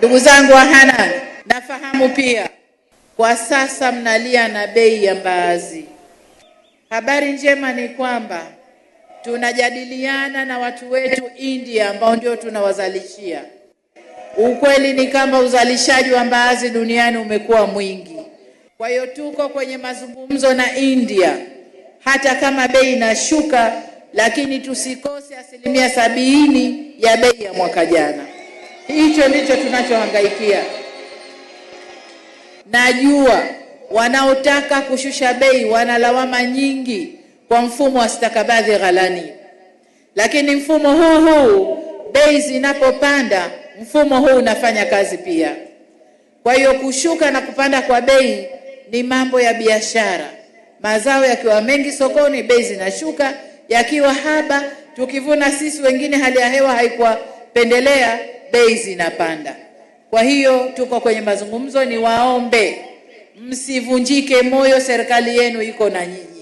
Ndugu zangu wa Hanang, nafahamu pia kwa sasa mnalia na bei ya mbaazi. Habari njema ni kwamba tunajadiliana na watu wetu India ambao ndio tunawazalishia. Ukweli ni kwamba uzalishaji wa mbaazi duniani umekuwa mwingi, kwa hiyo tuko kwenye mazungumzo na India, hata kama bei inashuka, lakini tusikose asilimia sabini ya bei ya mwaka jana. Hicho ndicho tunachohangaikia. Najua wanaotaka kushusha bei wana lawama nyingi kwa mfumo wa stakabadhi ghalani, lakini mfumo huu huu bei zinapopanda, mfumo huu unafanya kazi pia. Kwa hiyo kushuka na kupanda kwa bei ni mambo ya biashara. Mazao yakiwa mengi sokoni, bei zinashuka, yakiwa haba, tukivuna sisi wengine, hali ya hewa haikuwapendelea bei zinapanda. Kwa hiyo tuko kwenye mazungumzo, niwaombe msivunjike moyo, serikali yenu iko na nyinyi.